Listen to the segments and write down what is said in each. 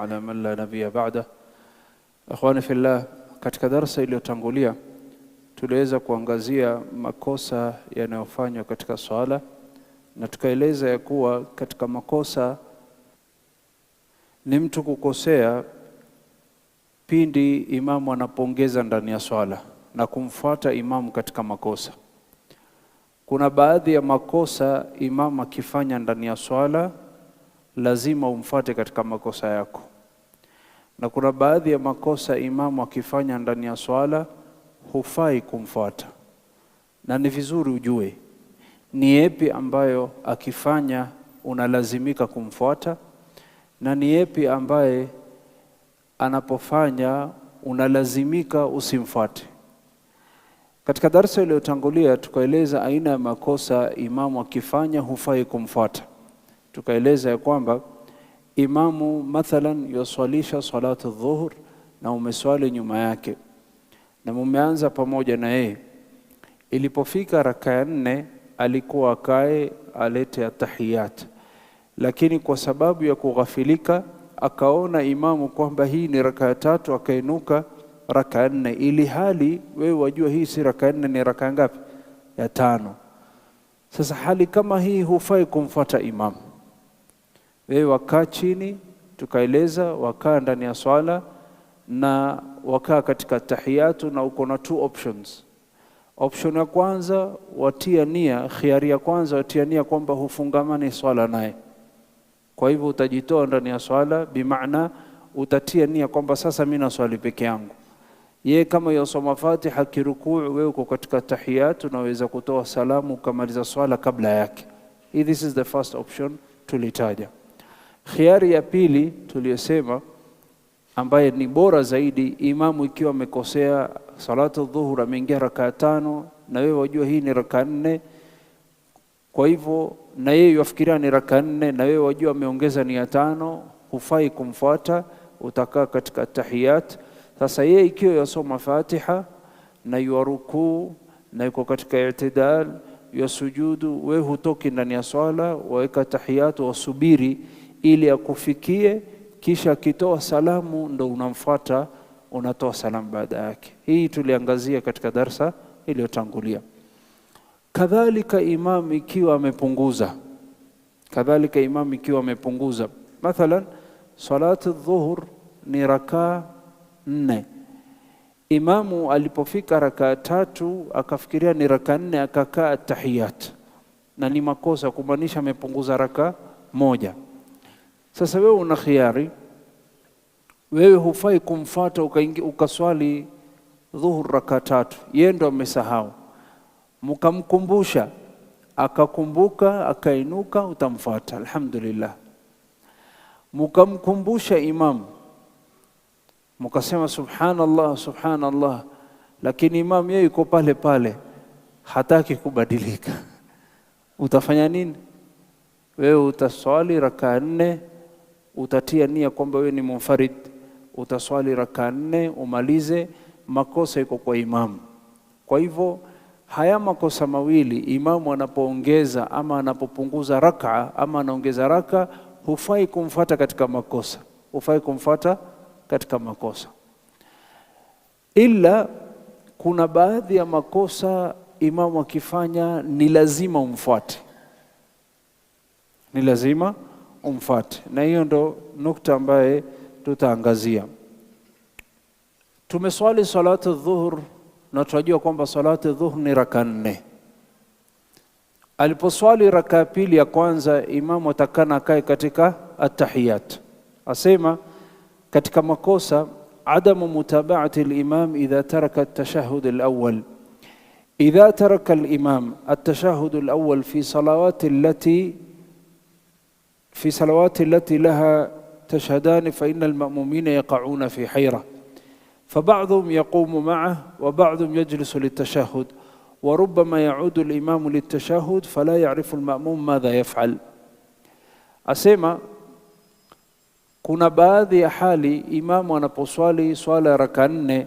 ala man la nabiyya ba'da. Akhwani fillah, katika darsa iliyotangulia tuliweza kuangazia makosa yanayofanywa katika swala na tukaeleza ya kuwa katika makosa ni mtu kukosea pindi imamu anapongeza ndani ya swala na kumfuata imamu katika makosa. Kuna baadhi ya makosa imamu akifanya ndani ya swala lazima umfuate katika makosa yako. Na kuna baadhi ya makosa imamu akifanya ndani ya swala hufai kumfuata, na ni vizuri ujue ni yepi ambayo akifanya unalazimika kumfuata na ni yepi ambaye anapofanya unalazimika usimfuate. Katika darsa iliyotangulia tukaeleza aina ya makosa imamu akifanya hufai kumfuata tukaeleza ya kwamba imamu mathalan yaswalisha salatu dhuhur na umeswali nyuma yake na mumeanza pamoja na yeye. Ilipofika raka ya nne, alikuwa akae alete atahiyat, lakini kwa sababu ya kughafilika akaona imamu kwamba hii ni raka ya tatu, akainuka raka ya nne, ili hali wewe wajua hii si raka ya nne, ni raka ngapi? Ya tano. Sasa hali kama hii hufai kumfuata imamu wewe wakaa chini, tukaeleza wakaa ndani ya swala na wakaa katika tahiyatu, na uko na two options. Option ya kwanza watia nia, khiari ya kwanza watia nia kwamba hufungamani swala naye, kwa hivyo utajitoa ndani ya swala, maana utatia nia kwamba sasa mimi naswali peke yangu. Ye kama yasoma Fatiha kirukuu, wewe uko katika tahiyatu, unaweza kutoa salamu ukamaliza swala kabla yake. This is the first option tulitaja. Khiari ya pili tuliyosema, ambaye ni bora zaidi, imamu ikiwa amekosea salatu dhuhur, ameingia rakaa tano na wewe wajua hii ni rakaa nne, kwa hivyo na yeye wafikiria ni rakaa nne na wewe wajua ameongeza ni ya tano, hufai kumfuata, utakaa katika tahiyat. Sasa yeye ikiwa yasoma Fatiha na yuarukuu na yuko katika i'tidal ya sujudu, wewe hutoki ndani ya swala, waweka tahiyatu, wasubiri ili akufikie, kisha akitoa salamu ndo unamfuata, unatoa salamu baada yake. Hii tuliangazia katika darsa iliyotangulia. Kadhalika imam ikiwa amepunguza, kadhalika imam ikiwa amepunguza, mathalan salati dhuhur ni rakaa nne Imamu alipofika rakaa tatu akafikiria ni rakaa nne, akakaa tahiyat, na ni makosa kumaanisha amepunguza rakaa moja. Sasa wewe una khiari, wewe hufai kumfata ukaswali dhuhur raka tatu, yeye ndo amesahau, mkamkumbusha akakumbuka akainuka, utamfata alhamdulillah. Mkamkumbusha imamu mukasema subhanallah, subhanallah, lakini imam yeye yuko pale pale, hataki kubadilika, utafanya nini? Wewe utaswali raka nne utatia nia kwamba wewe ni munfarid, utaswali raka nne umalize, makosa iko kwa imamu. Kwa hivyo haya makosa mawili, imamu anapoongeza ama anapopunguza raka ama anaongeza raka, hufai kumfata katika makosa, hufai kumfata katika makosa, ila kuna baadhi ya makosa imamu akifanya ni lazima umfuate, ni lazima umfate. Na hiyo ndo nukta ambaye tutaangazia. Tumeswali salatu dhuhur na tunajua kwamba salatu dhuhur ni raka nne. Aliposwali raka ya pili ya kwanza, imamu atakana akae katika atahiyat, asema katika makosa adamu mutabaati limam idha taraka atashahud alawal إذا ترك الإمام التشهد الأول في صلوات التي في صلوات التي لها تشهدان فإن المأمومين يقعون في حيرة فبعضهم يقوم معه وبعضهم يجلس للتشهد وربما يعود الإمام للتشهد فلا يعرف المأموم ماذا يفعل أسيما كنا بعض حالي إمام أنا بصوالي صوالة ركانة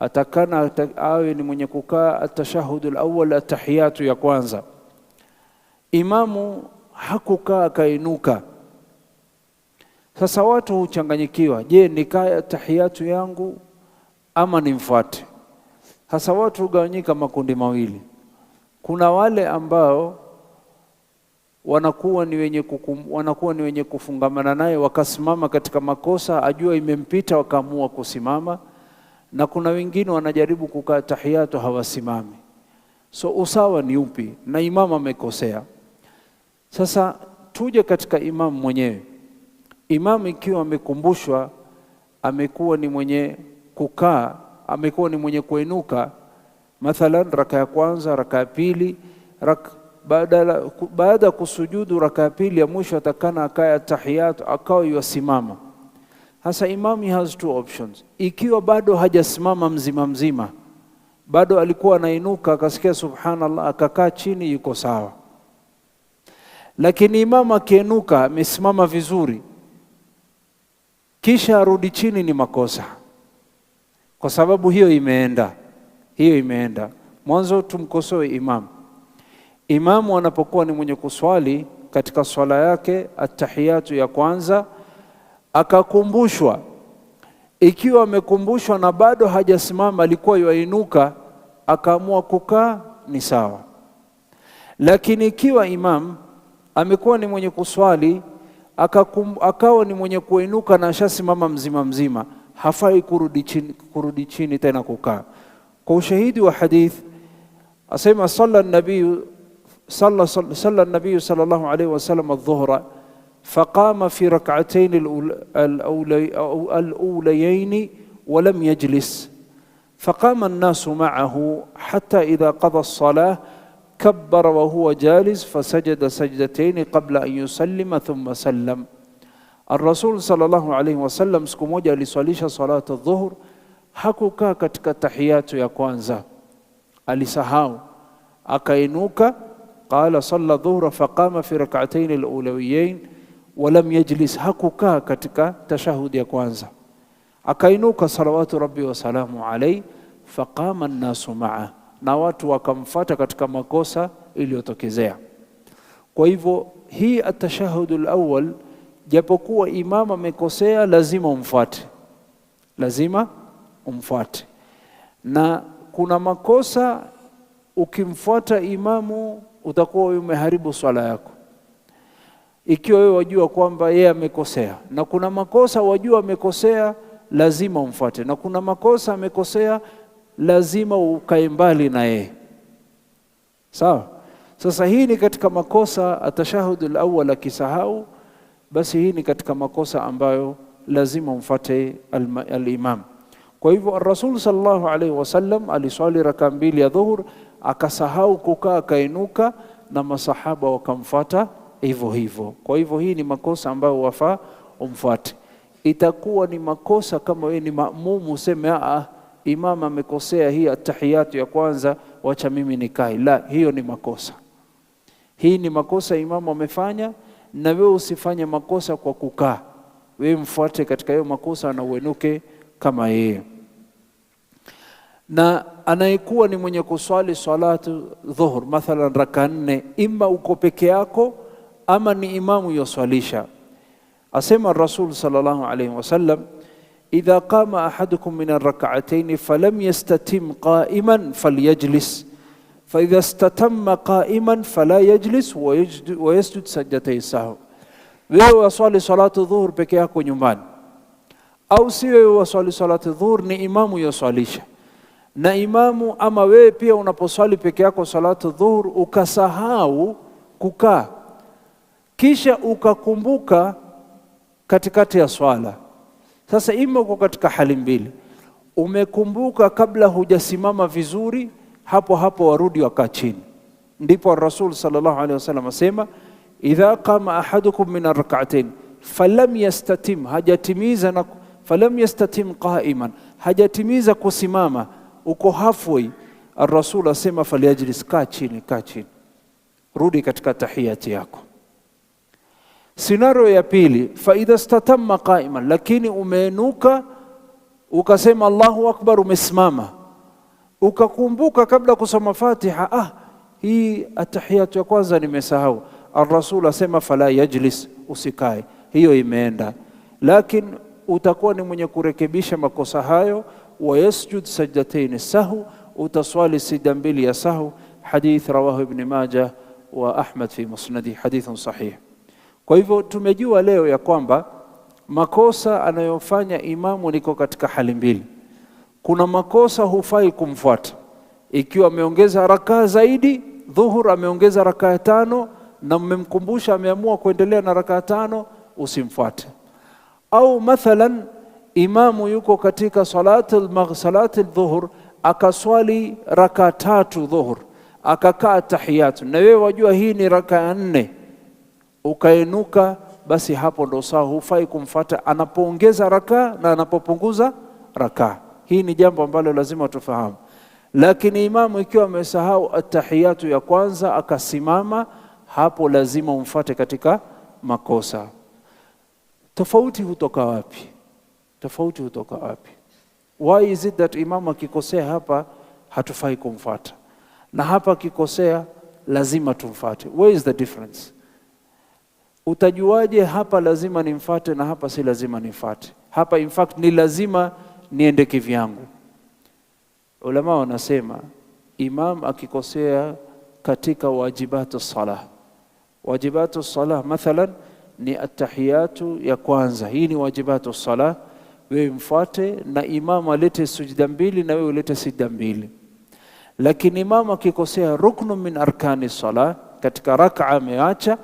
أتكان أتعاون من يكوكا التشهد الأول التحيات يكوانزا إمام حكوكا كينوكا Sasa watu huchanganyikiwa, je, nikae tahiyatu yangu ama nimfuate? Sasa watu hugawanyika makundi mawili. Kuna wale ambao wanakuwa ni wenye, kukum, wanakuwa ni wenye kufungamana naye wakasimama katika makosa, ajua imempita wakaamua kusimama, na kuna wengine wanajaribu kukaa tahiyatu hawasimami. So usawa ni upi? Na imamu amekosea. Sasa tuje katika imamu mwenyewe Imamu ikiwa amekumbushwa, amekuwa ni mwenye kukaa, amekuwa ni mwenye kuenuka, mathalan raka ya kwanza, raka ya pili, raka baada ya kusujudu raka ya pili ya mwisho atakana akaya tahiyatu, akawa yasimama. Hasa imam has two options. Ikiwa bado hajasimama mzima mzima, bado alikuwa anainuka akasikia subhanallah, akakaa chini, yuko sawa. Lakini imam akienuka amesimama vizuri, kisha arudi chini ni makosa, kwa sababu hiyo imeenda, hiyo imeenda. Mwanzo tumkosoe imamu. Imamu anapokuwa ni mwenye kuswali katika swala yake atahiyatu ya kwanza, akakumbushwa, ikiwa amekumbushwa na bado hajasimama, alikuwa yuainuka akaamua kukaa, ni sawa. Lakini ikiwa imamu amekuwa ni mwenye kuswali akakum, akawa ni mwenye kuinuka na ashasimama mzima mzima, hafai kurudi chini, kurudi chini tena kukaa. Kwa ushahidi wa hadith asema salla nabiyu salla salla nabiyu sallallahu alayhi wasallam adh-dhuhra faqama fi rak'atayn al-awlayayn wa lam yajlis faqama an-nasu ma'ahu hatta idha qada as-salah كبر وهو جالس فسجد سجدتين قبل أن يسلم ثم سلم الرسول صلى الله عليه وسلم جالس وليش صلاة الظهر حكوكا كتك تحيات يا كوانزا أليسهاو أكينوكا قال صلى الظهر فقام في ركعتين الأولويين ولم يجلس حكوكا كتك تشهد يا كوانزا أكينوكا صلوات ربي وسلامه عليه فقام الناس معه na watu wakamfata katika makosa iliyotokezea. Kwa hivyo hii atashahudu awwal, japokuwa imam amekosea, lazima umfuate, lazima umfuate. Na kuna makosa ukimfuata imamu utakuwa umeharibu swala yako, ikiwa wewe wajua kwamba yeye amekosea. Na kuna makosa wajua amekosea, lazima umfuate. Na kuna makosa amekosea lazima ukae mbali na yeye. Sawa. Sasa hii ni katika makosa atashahudu awwal, akisahau basi hii ni katika makosa ambayo lazima umfate alimam. Kwa hivyo rasul sallallahu alaihi wasallam aliswali raka mbili ya dhuhur akasahau kukaa, akainuka na masahaba wakamfata hivyo hivyo. Kwa hivyo hii ni makosa ambayo wafaa umfuate. Itakuwa ni makosa kama wewe ni maamumu useme a imam amekosea hii atahiyatu ya kwanza, wacha mimi nikae. La, hiyo ni makosa. Hii ni makosa imamu amefanya, na wewe usifanye makosa kwa kukaa. Wewe mfuate katika hiyo makosa na uenuke kama yeye. Na anayekuwa ni mwenye kuswali salatu dhuhur mathalan raka nne, ima uko peke yako ama ni imamu yoswalisha, asema Rasul sallallahu alaihi wasallam إذا قام أحدكم من الركعتين فلم يستتم قائما فليجلس فإذا استتم قائما فلا يجلس ويسجد سجدتي السهو wewe waswali salatu dhuhur peke yako nyumbani au si wewe waswali salatu dhuhur ni imamu yoswalisha na imamu ama wewe pia unaposwali peke yako salatu dhuhur ukasahau kukaa kisha ukakumbuka katikati ya swala Sasa ima uko katika hali mbili, umekumbuka kabla hujasimama vizuri, hapo hapo warudi wakaa chini. Ndipo Rasul sallallahu alaihi wasallam asema, idha qama ahadukum min arrak'atain falam yastatim, hajatimiza na falam yastatim qa'iman, hajatimiza kusimama, uko halfway, Rasul asema falyajlis, kaa chini, kaa chini, rudi katika tahiyati yako. Sinario ya pili, faidha statama qaiman, lakini umeenuka ukasema Allahu akbar, umesimama ukakumbuka kabla kusoma Fatiha, ah, hii atahiyatu ya kwanza nimesahau. ar asema fala yajlis, usikae, hiyo imeenda, lakini utakuwa ni mwenye kurekebisha makosa hayo. Wa yasjud sajdatayni sahu, utaswali sijda mbili ya sahu. Hadith rawahu Ibn Majah wa Ahmad fi musnadi, hadithun sahih. Kwa hivyo tumejua leo ya kwamba makosa anayofanya imamu niko katika hali mbili. Kuna makosa hufai kumfuata, ikiwa ameongeza rakaa zaidi dhuhur, ameongeza rakaa tano na mmemkumbusha, ameamua kuendelea na rakaa tano, usimfuate. Au mathalan imamu yuko katika salatul dhuhur, akaswali rakaa tatu dhuhur, akakaa tahiyatu, na wewe wajua hii ni rakaa nne ukainuka, basi hapo ndo sawa, hufai kumfata anapoongeza rakaa na anapopunguza rakaa. Hii ni jambo ambalo lazima tufahamu. Lakini imamu ikiwa amesahau atahiyatu ya kwanza akasimama, hapo lazima umfate katika makosa. Tofauti hutoka wapi? Tofauti hutoka wapi? Why is it that imamu akikosea hapa hatufai kumfata na hapa akikosea lazima tumfate? Where is the difference? utajuaje hapa lazima nimfate na hapa si lazima nimfate? Hapa in fact ni lazima niende kivyangu. Ulama wanasema imam akikosea katika wajibatu salah, wajibatu salah mathalan ni atahiyatu ya kwanza, hii ni wajibatu salah. Wewe mfate na imamu alete sujda mbili na wewe ulete sijda mbili, lakini imamu akikosea ruknu min arkani salah, katika raka ameacha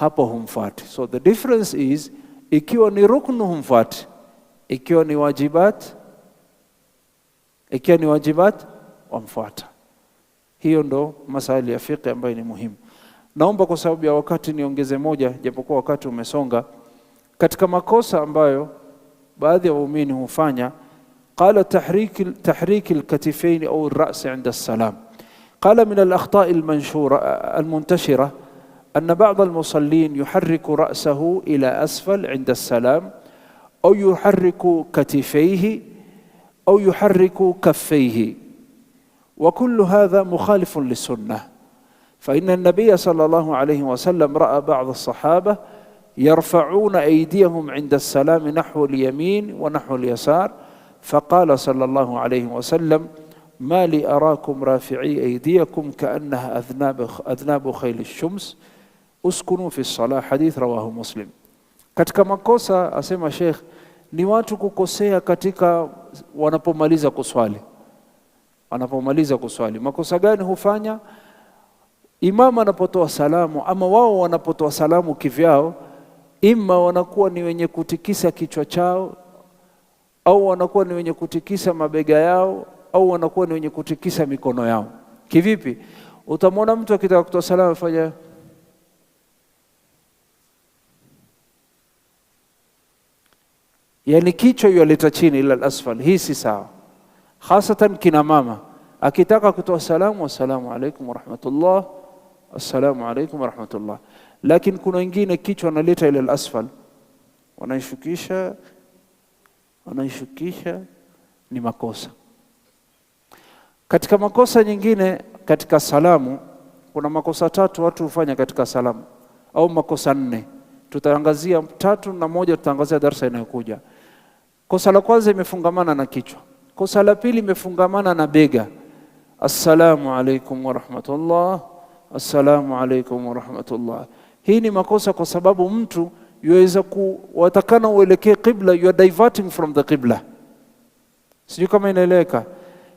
hapo humfuati. So the difference is ikiwa ni ruknu humfuati, ikiwa ni wajibat, ikiwa ni wajibat wamfuata. Hiyo ndo masaili ya fiqh ambayo ni muhimu. Naomba kwa sababu ya wakati niongeze moja, japokuwa wakati umesonga. Katika makosa ambayo baadhi ya waumini hufanya, qala tahriki tahriki alkatifaini au alras inda salam, qala min alakhtai almanshura almuntashira أن بعض المصلين يحرك رأسه إلى أسفل عند السلام أو يحرك كتفيه أو يحرك كفيه وكل هذا مخالف للسنة فإن النبي صلى الله عليه وسلم رأى بعض الصحابة يرفعون أيديهم عند السلام نحو اليمين ونحو اليسار فقال صلى الله عليه وسلم ما لي أراكم رافعي أيديكم كأنها أذناب, أذناب خيل الشمس uskunu fi salah, hadith rawahu Muslim. Katika makosa asema Sheikh ni watu kukosea katika wanapomaliza kuswali, wanapomaliza kuswali. Makosa gani hufanya? imam anapotoa salamu ama wao wanapotoa salamu kivyao, ima wanakuwa ni wenye kutikisa kichwa chao au wanakuwa ni wenye kutikisa mabega yao au wanakuwa ni wenye kutikisa mikono yao. Kivipi? Utamwona mtu akitaka kutoa salamu afanya yaani kichwa yualeta chini ila asfal Hii si sawa, hasatan kina mama akitaka kutoa salamu, assalamu alaikum warahmatullah, assalamu alaikum warahmatullah. Lakini kuna wengine kichwa analeta ila asfal wanaishukisha wanaishukisha, ni makosa. Katika makosa nyingine katika salamu, kuna makosa tatu watu hufanya katika salamu, au makosa nne. Tutaangazia tatu na moja, tutaangazia darsa inayokuja. Kosa la kwanza imefungamana na kichwa, kosa la pili imefungamana na bega. Assalamu alaikum warahmatullah, assalamu alaikum warahmatullah. Hii ni makosa kwa sababu mtu yuweza kuwatakana uelekee qibla, you are diverting from the qibla. Sijui kama inaeleweka.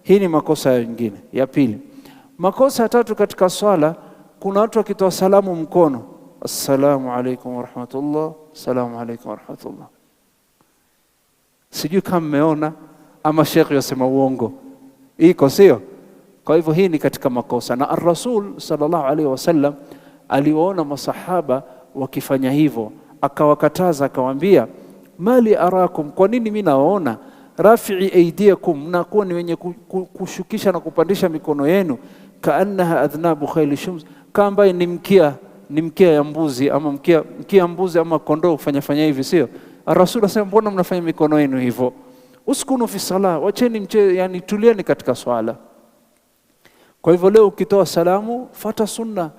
Hii ni makosa mengine ya pili. Makosa ya tatu katika swala, kuna watu wakitoa salamu mkono, assalamu alaikum warahmatullah, assalamu alaikum warahmatullah Sijui kama mmeona ama shekhe yasema uongo iko, sio? Kwa hivyo hii ni katika makosa, na ar-Rasul sallallahu alaihi wasallam aliwaona masahaba wakifanya hivyo, akawakataza akawaambia, mali arakum, kwa nini mimi nawaona rafii aidiakum, mnakuwa ni wenye kushukisha na kupandisha mikono yenu, kaannaha adhnabu khayli shums, kama ambaye ni mkia ni mkia ya mbuzi ama mkia, mkia ya mbuzi ama kondoo, fanya hivi, sio? Rasul asema mbona mnafanya mikono yenu hivyo? Uskunu fi sala, wacheni mche, yani tulieni katika swala. Kwa hivyo leo ukitoa salamu, fata sunna,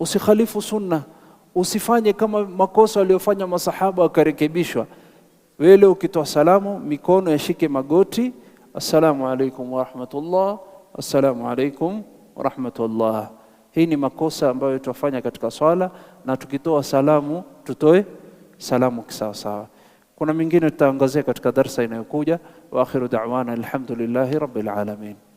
usikhalifu sunna, usifanye kama makosa waliofanya masahaba wakarekebishwa. Wewe leo ukitoa salamu, mikono yashike magoti, assalamu alaikum warahmatullah, assalamu alaikum warahmatullah. Hii ni makosa ambayo tuwafanya katika swala, na tukitoa salamu tutoe salamu kisawasawa. Kuna mingine tutaangazia katika darsa inayokuja. Wa akhiru da'wana alhamdulillahi rabbil alamin.